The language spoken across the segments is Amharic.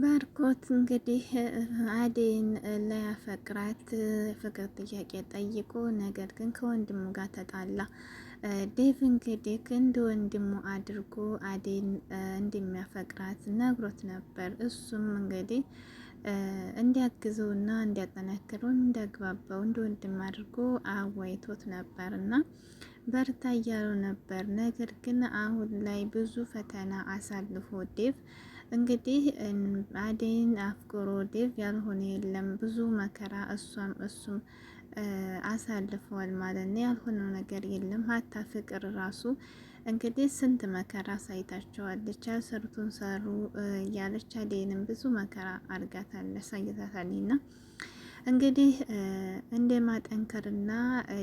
ባርኮት እንግዲህ አዴን ላያፈቅራት ፍቅር ጥያቄ ጠይቆ ነገር ግን ከወንድሙ ጋር ተጣላ። ዴቭ እንግዲህ እንደ ወንድሙ አድርጎ አዴን እንደሚያፈቅራት ነግሮት ነበር። እሱም እንግዲህ እንዲያግዘውና እንዲያጠነክረው እንዲያግባባው እንደ ወንድም አድርጎ አዋይቶት ነበር እና በርታ እያለው ነበር። ነገር ግን አሁን ላይ ብዙ ፈተና አሳልፎ ዴቭ እንግዲህ አደይን አፍቅሮ ዴቭ ያልሆነ የለም። ብዙ መከራ እሷም እሱም አሳልፈዋል ማለት ነው። ያልሆነው ነገር የለም። ሀታ ፍቅር ራሱ እንግዲህ ስንት መከራ ሳይታቸዋለች። ያልሰሩትን ሰሩ እያለች አደይንም ብዙ መከራ አርጋታለ ሳይታታል ና እንግዲህ እንደ ማጠንከርና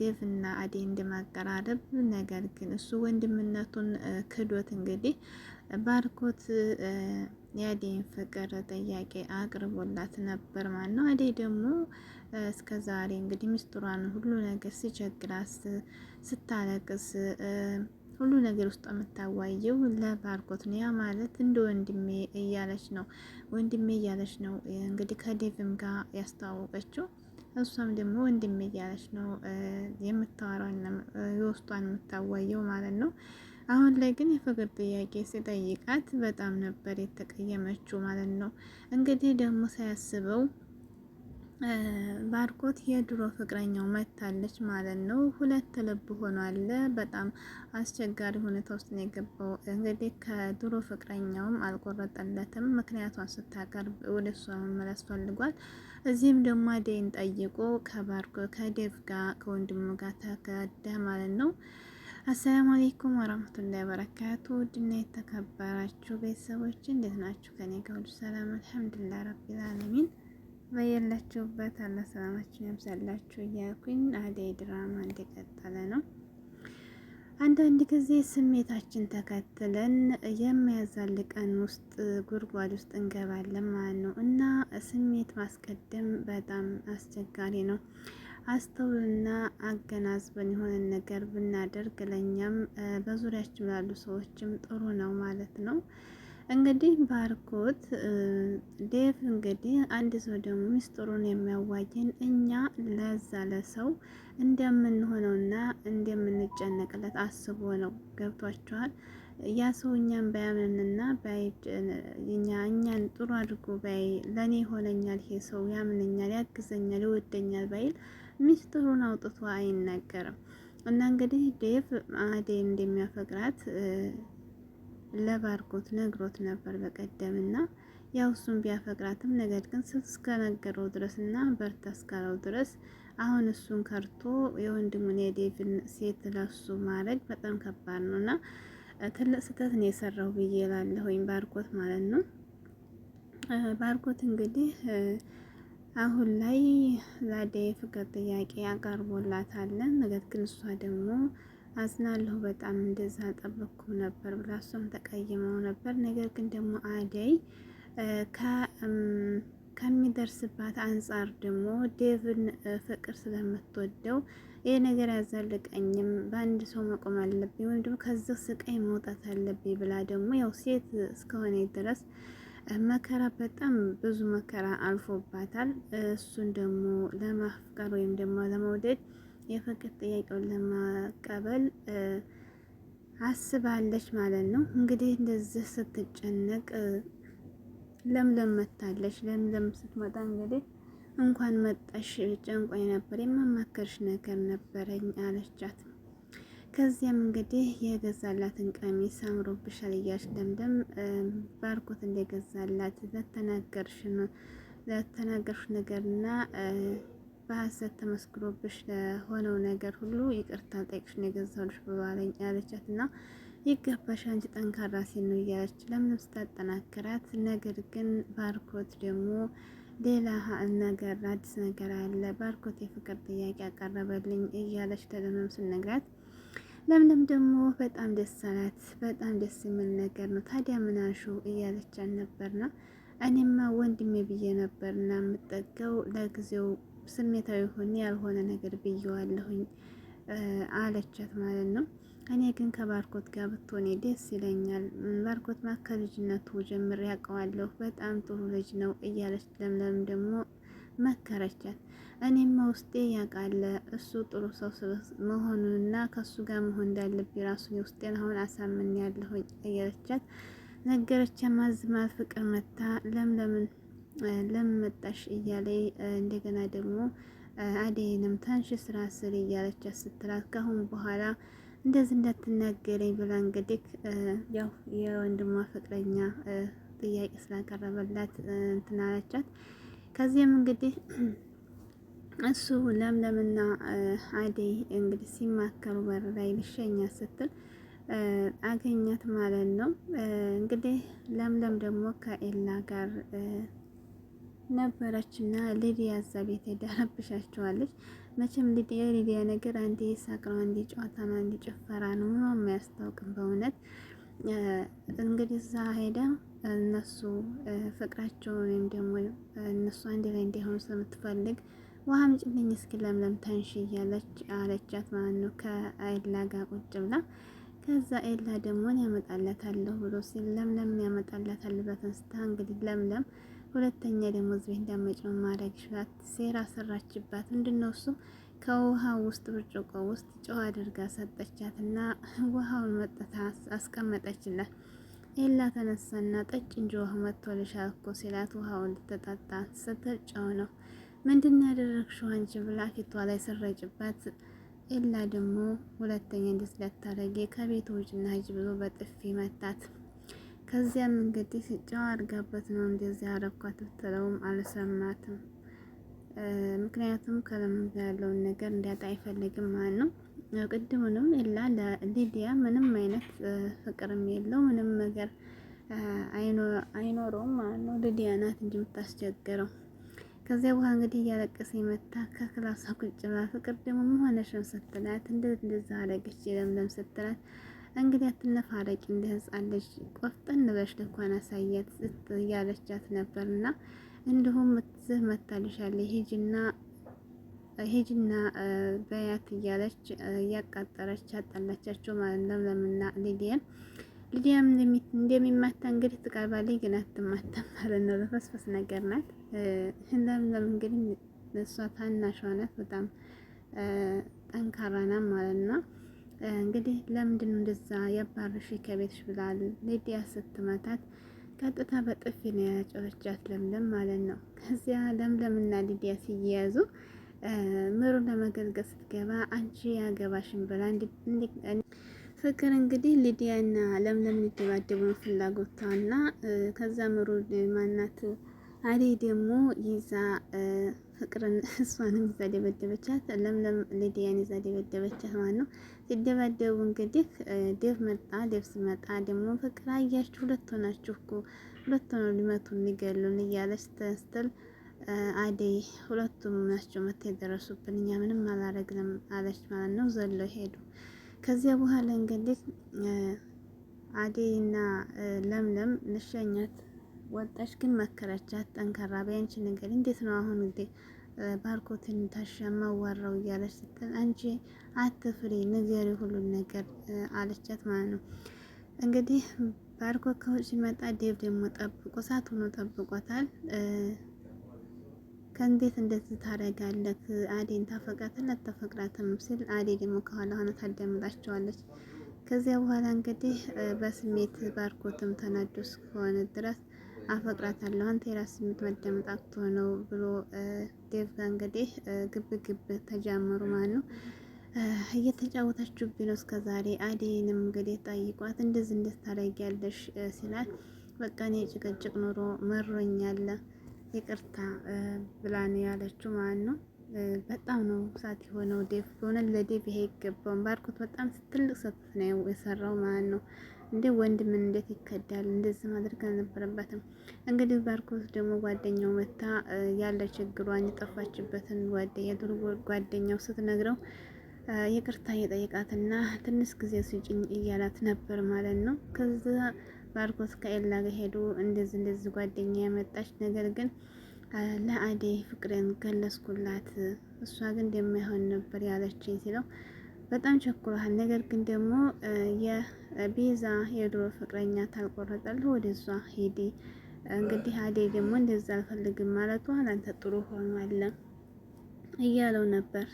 ዴቭና አደይ እንደማቀራረብ ነገር ግን እሱ ወንድምነቱን ክዶት እንግዲህ ባርኮት የአዴን ፍቅር ጥያቄ አቅርቦላት ነበር ማለት ነው። አዴ ደግሞ እስከ ዛሬ እንግዲህ ሚስጥሯን ሁሉ ነገር ሲቸግራት ስታለቅስ ሁሉ ነገር ውስጥ የምታዋየው ለባርኮት ነው። ያ ማለት እንደ ወንድሜ እያለች ነው ወንድሜ እያለች ነው እንግዲህ ከዴቭም ጋር ያስተዋወቀችው። እሷም ደግሞ ወንድሜ እያለች ነው የምታወራና የውስጧን የምታዋየው ማለት ነው። አሁን ላይ ግን የፍቅር ጥያቄ ሲጠይቃት በጣም ነበር የተቀየመችው ማለት ነው። እንግዲህ ደግሞ ሳያስበው ባርኮት የድሮ ፍቅረኛው መታለች ማለት ነው። ሁለት ልብ ሆኗል። በጣም አስቸጋሪ ሁኔታ ውስጥ ነው የገባው። እንግዲህ ከድሮ ፍቅረኛውም አልቆረጠለትም። ምክንያቷን ስታቀርብ ወደ እሷ መመለስ ፈልጓል። እዚህም ደግሞ አደይን ጠይቆ ከባርኮ ከዴቭ ጋር ከወንድሙ ጋር ተከደ ማለት ነው። አሰላሙ አሌይኩም ወረህመቱላሂ ወበረካቱ ውድና የተከበራችሁ ቤተሰቦች እንዴት ናችሁ? ከኔ ጋር ሁሉ ሰላም አልሐምዱሊላህ ረቢል ዓለሚን። በያላችሁበት አላህ ሰላማችሁን ያብዛላችሁ እያልኩኝ አደይ ድራማ እንደቀጠለ ነው። አንዳንድ ጊዜ ስሜታችን ተከትለን የሚያዛልቀን ውስጥ ጉድጓድ ውስጥ እንገባለን ማለት ነው እና ስሜት ማስቀደም በጣም አስቸጋሪ ነው። አስተውልና አገናዝበን የሆነን ነገር ብናደርግ ለእኛም በዙሪያችን ላሉ ሰዎችም ጥሩ ነው ማለት ነው። እንግዲህ ባርኮት ዴቭ እንግዲህ አንድ ሰው ደግሞ ሚስጥሩን የሚያዋየን እኛ ለዛ ለሰው እንደምንሆነውና እንደምንጨነቅለት አስቦ ነው። ገብቷችኋል? ያ ሰው እኛን ባያምንንና እኛን ጥሩ አድርጎ ባይ ለእኔ ይሆነኛል፣ ይሄ ሰው ያምነኛል፣ ያግዘኛል፣ ይወደኛል ባይል ሚስጥሩን አውጥቶ አይነገርም እና እንግዲህ ዴቭ አዴ እንደሚያፈቅራት ለባርኮት ነግሮት ነበር በቀደም እና ያው እሱም ቢያፈቅራትም ነገር ግን እስከነገረው ድረስ እና በርታ እስካለው ድረስ አሁን እሱን ከርቶ የወንድሙን የዴቭን ሴት ለሱ ማድረግ በጣም ከባድ ነው እና ትልቅ ስህተት ነው የሰራው ብዬ ላለሁኝ ባርኮት ማለት ነው። ባርኮት እንግዲህ አሁን ላይ ለአደይ ፍቅር ጥያቄ አቀርቦላታል። ነገር ግን እሷ ደግሞ አዝናለሁ በጣም እንደዛ አልጠበኩም ነበር ብላ እሷም ተቀይመው ነበር። ነገር ግን ደግሞ አደይ ከሚደርስባት አንጻር ደግሞ ዴቭን ፍቅር ስለምትወደው ይህ ነገር ያዘልቀኝም፣ በአንድ ሰው መቆም አለብኝ ወይም ደግሞ ከዚህ ስቃይ መውጣት አለብኝ ብላ ደግሞ ያው ሴት እስከሆነ ድረስ መከራ በጣም ብዙ መከራ አልፎባታል። እሱን ደግሞ ለማፍቀር ወይም ደግሞ ለመውደድ የፍቅር ጥያቄውን ለማቀበል አስባለች ማለት ነው። እንግዲህ እንደዚህ ስትጨነቅ ለምለም መታለች። ለምለም ስትመጣ እንግዲህ እንኳን መጣሽ፣ ጨንቆኝ ነበር፣ የማማከርሽ ነገር ነበረኝ አለቻት። ከዚያም እንግዲህ የገዛላትን ቀሚስ አምሮብሻል እያልሽ ደምደም ባርኮት እንደገዛላት ለተናገርሽ ነገርና በሀሰት ተመስክሮብሽ ለሆነው ነገር ሁሉ ይቅርታ ልጠይቅሽ ነው የገዛሁልሽ በባለኝ ያለቻት እና ይገባሽ አንቺ ጠንካራ ሴት ነው እያለች ለምንም ስታጠናክራት፣ ነገር ግን ባርኮት ደግሞ ሌላ ነገር አዲስ ነገር አለ ባርኮት የፍቅር ጥያቄ አቀረበልኝ እያለች ተደመም ስነግራት ለምለም ደግሞ በጣም ደስ አላት። በጣም ደስ የሚል ነገር ነው። ታዲያ ምናሹ እያለች ነበርና እኔማ ወንድሜ ብዬ ነበርና የምጠገው ለጊዜው ስሜታዊ ሆኜ ያልሆነ ነገር ብየዋለሁኝ አለቻት ማለት ነው። እኔ ግን ከባርኮት ጋር ብትሆኔ ደስ ይለኛል። ባርኮት ማ ከልጅነቱ ጀምሬ ያውቀዋለሁ። በጣም ጥሩ ልጅ ነው እያለች ለምለም ደግሞ መከረቻት። እኔም ውስጤ ያውቃል እሱ ጥሩ ሰው መሆኑንና ከሱ ጋር መሆን እንዳለብኝ ራሱን የውስጤን አሁን አሳምን ያለሁ ነገረቻት ነገረቻ ማዝማት ፍቅር መታ ለም ለምን መጣሽ እያለ እንደገና ደግሞ አዴንም ታንሽ ስራ ስር እያለቻት ስትላት ካሁን በኋላ እንደዚህ እንዳትናገረኝ ብላ እንግዲህ ያው የወንድሟ ፍቅረኛ ጥያቄ ስላቀረበላት እንትን አለቻት። ከዚህም እንግዲህ እሱ ለምለምና አደይ እንግዲህ ሲማከሩ በር ላይ ልሸኛ ስትል አገኛት ማለት ነው። እንግዲህ ለምለም ደግሞ ከኤላ ጋር ነበረችና ሊዲያ እዛ ቤት ሄዳ ረብሻቸዋለች። መቼም ሊዲያ ሊዲያ ነገር አንዴ ሳቅረው አንዴ ጨዋታ ነው፣ አንዴ ጭፈራ ነው፣ ምንም አያስታውቅም በእውነት እንግዲህ እዛ ሄዳ እነሱ ፍቅራቸውን ወይም ደግሞ እነሱ አንድ ላይ እንዲሆኑ ስለምትፈልግ ውሃ አምጪልኝ እስኪ ለምለም ተንሽ እያለች አለቻት ማለት ነው። ከኤላ ጋር ቁጭ ብላ ከዛ ኤላ ደግሞ ያመጣላታለሁ ብሎ ሲል ለምለም ያመጣላታል ብላ እንግዲህ ለምለም ሁለተኛ ደግሞ እዚህ እንዳመጭ ማድረግ ይችላል። ሴራ ሰራችባት። ምንድነው እሱ ከውሃ ውስጥ ብርጭቆ ውስጥ ጨው አድርጋ ሰጠቻት እና ውሃውን መጥታ አስቀመጠችላት። ኤላ ተነሳና ጠጭ እንጂ ውሃ መጥቶልሻል እኮ ሲላት ውሃውን ልትጠጣ ስትል ጨው ነው ምንድን ያደረግሽው አንቺ ብላ ፊቷ ላይ ስረጭበት ኤላ ደግሞ ሁለተኛ እንዴት ላታረጊ ከቤት ውጭና ሂጂ ብሎ በጥፊ መታት። ከዚያም እንግዲህ ጨዋ አድርጋበት ነው እንደዚህ አረኳት ብትለውም አልሰማትም። ምክንያቱም ከለምን ጋር ያለውን ነገር እንዲያጣ አይፈልግም ማለት ነው። ቅድሙንም ኤላ ሊዲያ ምንም አይነት ፍቅርም የለው ምንም ነገር አይኖረውም ማለት ነው። ሊዲያ ናት እንጂ የምታስቸግረው ከዚያ በኋላ እንግዲህ እያለቀሰ መታ ከክላሷ ቁጭ ብላ ፍቅር ደግሞ መሆነሽን ስትላት እንደት እንደዛ አረገች ለምለም ስትላት እንግዲህ አትነፋረቂ እንደ ህፃን ልጅ ቆፍጠን ብለሽ ልኳን አሳያት እያለቻት ነበርና እንዲሁም ዝህ መታልሻለ ሂጂና ሂጂና በያት እያለች እያቃጠረች አጣላቻቸው ማለት ለምለምና ሊዲያን ሊዲያም እንደሚማታ እንግዲህ ትቀርባለች፣ ግን አትማታም ማለት ነው። ለፈስፈስ ነገር ናት። ለምለም እንግዲህ እሷ ታናሽ ሆነት በጣም ጠንካራ ማለት ነው። እንግዲህ ለምንድን ነው እንደዛ ያባረሽ ከቤትሽ ብላል ሊዲያ ስትመታት ቀጥታ በጥፊ ነው ያጨበቻት ለምለም ማለት ነው። ከዚያ ለምለምና ሊዲያ ሲያያዙ ምሩ ለመገልገል ስትገባ አንቺ ያገባሽን ብላ ፍቅር እንግዲህ ሊዲያ እና ለምለም ሊደባደቡ ነው ፍላጎቷ እና ከዛ ምሩ ማናት አደይ ደግሞ ይዛ ፍቅርን እሷንም ይዛ ደበደበቻት። ለምለም ሊዲያን ይዛ ደበደበቻት ማለት ነው። ሲደባደቡ እንግዲህ ዴቭ መጣ። ዴቭ ሲመጣ ደግሞ ፍቅር አያችሁ፣ ሁለት ሆናችሁ እኮ ሁለት ሆኖ ሊመቱ ሊገሉን እያለች ስትል አደይ ሁለቱም ናቸው መታ የደረሱብን እኛ ምንም አላረግንም አለች ማለት ነው። ዘሎ ሄዱ ከዚያ በኋላ እንግዲህ አዴይና ለምለም ልሸኛት ወጣች። ግን መከረቻት ጠንካራ በያንቺ ነገር እንዴት ነው አሁን እንዴ ባርኮትን ታሸማ ወራው እያለች ስትል አንቺ አትፍሪ ንገሪ ሁሉን ነገር አለቻት ማለት ነው። እንግዲህ ባርኮት ከውጭ ሲመጣ ዴቭ ደግሞ ጠብቆ ሳት ሆኖ ጠብቆታል። ከእንዴት እንደዚህ ታደርጋለህ? አዴን ታፈቅራታለህ አታፈቅራትም? ሲል አዴ ደግሞ ከኋላ ሆነ ታዳምጣቸዋለች። ከዚያ በኋላ እንግዲህ በስሜት ባርኮትም ተናዶ እስከሆነ ድረስ አፈቅራታለሁ አንተ የራስህ ስሜት ማዳመጥ አቅቶ ብሎ ዴቭ ጋር እንግዲህ ግብ ግብ ተጃመሩ ማለት ነው። እየተጫወታችሁብኝ ነው እስከ ዛሬ አዴንም እንግዲህ ጠይቋት እንደዚህ እንደት ታደርጊያለሽ ሲላት በቃ እኔ ጭቅጭቅ ኑሮ መሮኛል ይቅርታ ብላን ያለችው ማለት ነው። በጣም ነው ሳት የሆነው ዴቭ ሆነ ለዴቭ ይሄ ይገባውን ባርኮት በጣም ትልቅ ስህተት ነው የሰራው ማለት ነው። እንዴ ወንድምን እንዴት ይከዳል? እንደዚህ ማድረግ አልነበረበትም። እንግዲህ ባርኮት ደግሞ ጓደኛው መታ ያለ ችግሯን የጠፋችበትን ጓደኛ የድሮ ጓደኛው ስትነግረው ይቅርታ የጠየቃትና ትንሽ ጊዜ ስጭኝ እያላት ነበር ማለት ነው ከዛ ባርኮት ከኤላ ጋር ሄዱ። እንደዚህ እንደዚህ ጓደኛ ያመጣች ነገር ግን ለአዴ ፍቅሬን ገለጽኩላት፣ እሷ ግን እንደማይሆን ነበር ያለችኝ ሲለው በጣም ቸኩሏል። ነገር ግን ደግሞ የቤዛ የድሮ ፍቅረኛ ታልቆረጠልህ ወደ እሷ ሂዲ። እንግዲህ አዴ ደግሞ እንደዛ አልፈልግም ማለቷ ላንተ ጥሩ ሆኗል እያለው ነበር።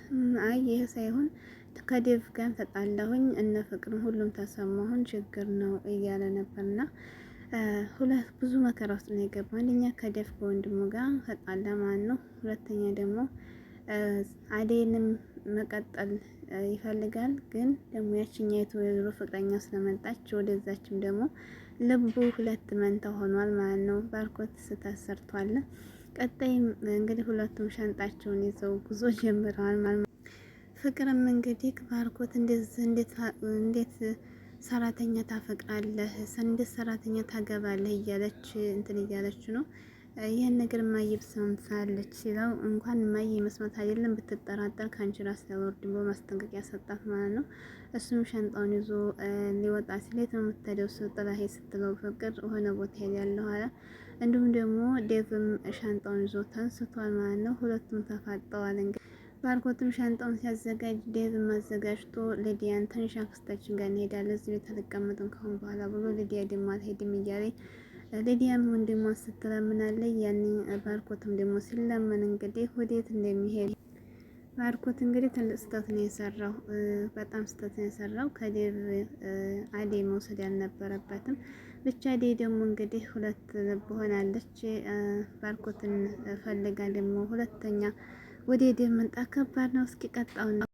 አይ ይህ ሳይሆን ከዴቭ ጋር ተጣላሁኝ እነ ፍቅርም ሁሉም ተሰማሁን ችግር ነው እያለ ነበርና ሁለት ብዙ መከራ ውስጥ ነው የገባ። አንደኛ ከዴቭ ከወንድሙ ጋር ተጣላ ማለት ነው። ሁለተኛ ደግሞ አዴንም መቀጠል ይፈልጋል፣ ግን ደግሞ ያችኛይቱ የድሮ ፍቅረኛ ስለመጣች ወደዛችም ደግሞ ልቡ ሁለት መንታ ሆኗል ማለት ነው። ባርኮት ስታሰርቷል። ቀጣይ እንግዲህ ሁለቱም ሻንጣቸውን ይዘው ጉዞ ጀምረዋል ማለት ነው። ፍቅርም እንግዲህ ባርኮት እንዴት ሰራተኛ ታፈቅራለህ፣ እንዴት ሰራተኛ ታገባለህ እያለች እንትን እያለች ነው ይህን ነገር ማየ ብሰምታለች ሲለው እንኳን ማየ መስማት አይደለም ብትጠራጠር ከአንቺ ራስ ያወርድ ብሎ ማስጠንቀቂያ ሰጣት ማለት ነው። እሱም ሻንጣውን ይዞ ሊወጣ ሲል የት ነው የምትሄደው ስትላ ሄ ስትለው ፍቅር ሆነ ቦታ ሄዳለሁ አለ። እንዲሁም ደግሞ ዴቭም ሻንጣውን ይዞ ተንስቷል ማለት ነው። ሁለቱም ተፋጠዋል እንግዲህ ባርኮትም ሻንጣውን ሲያዘጋጅ ዴቭ አዘጋጅቶ ሊዲያን ትንሽ አክስታችን ጋር እንሄዳለን እዚህ ቤት አልቀመጥም ካሁን በኋላ ብሎ ሊዲያ ደግሞ አልሄድም እያለ ልዲያም ወንድሟ ስትለምናለች፣ ያኔ ባርኮትም ደግሞ ሲለመን እንግዲህ ወዴት እንደሚሄድ ባርኮት እንግዲህ ትልቅ ስህተት ነው የሰራው። በጣም ስህተት ነው የሰራው። ከዴቭ አዴ መውሰድ አልነበረበትም። ብቻ ዴ ደግሞ እንግዲህ ሁለት ልብ ሆናለች። ባርኮትን ፈልጋ ደግሞ ሁለተኛ ወደ ደም መንጣት ከባድ ነው። እስኪ ቀጣው ቀጣውን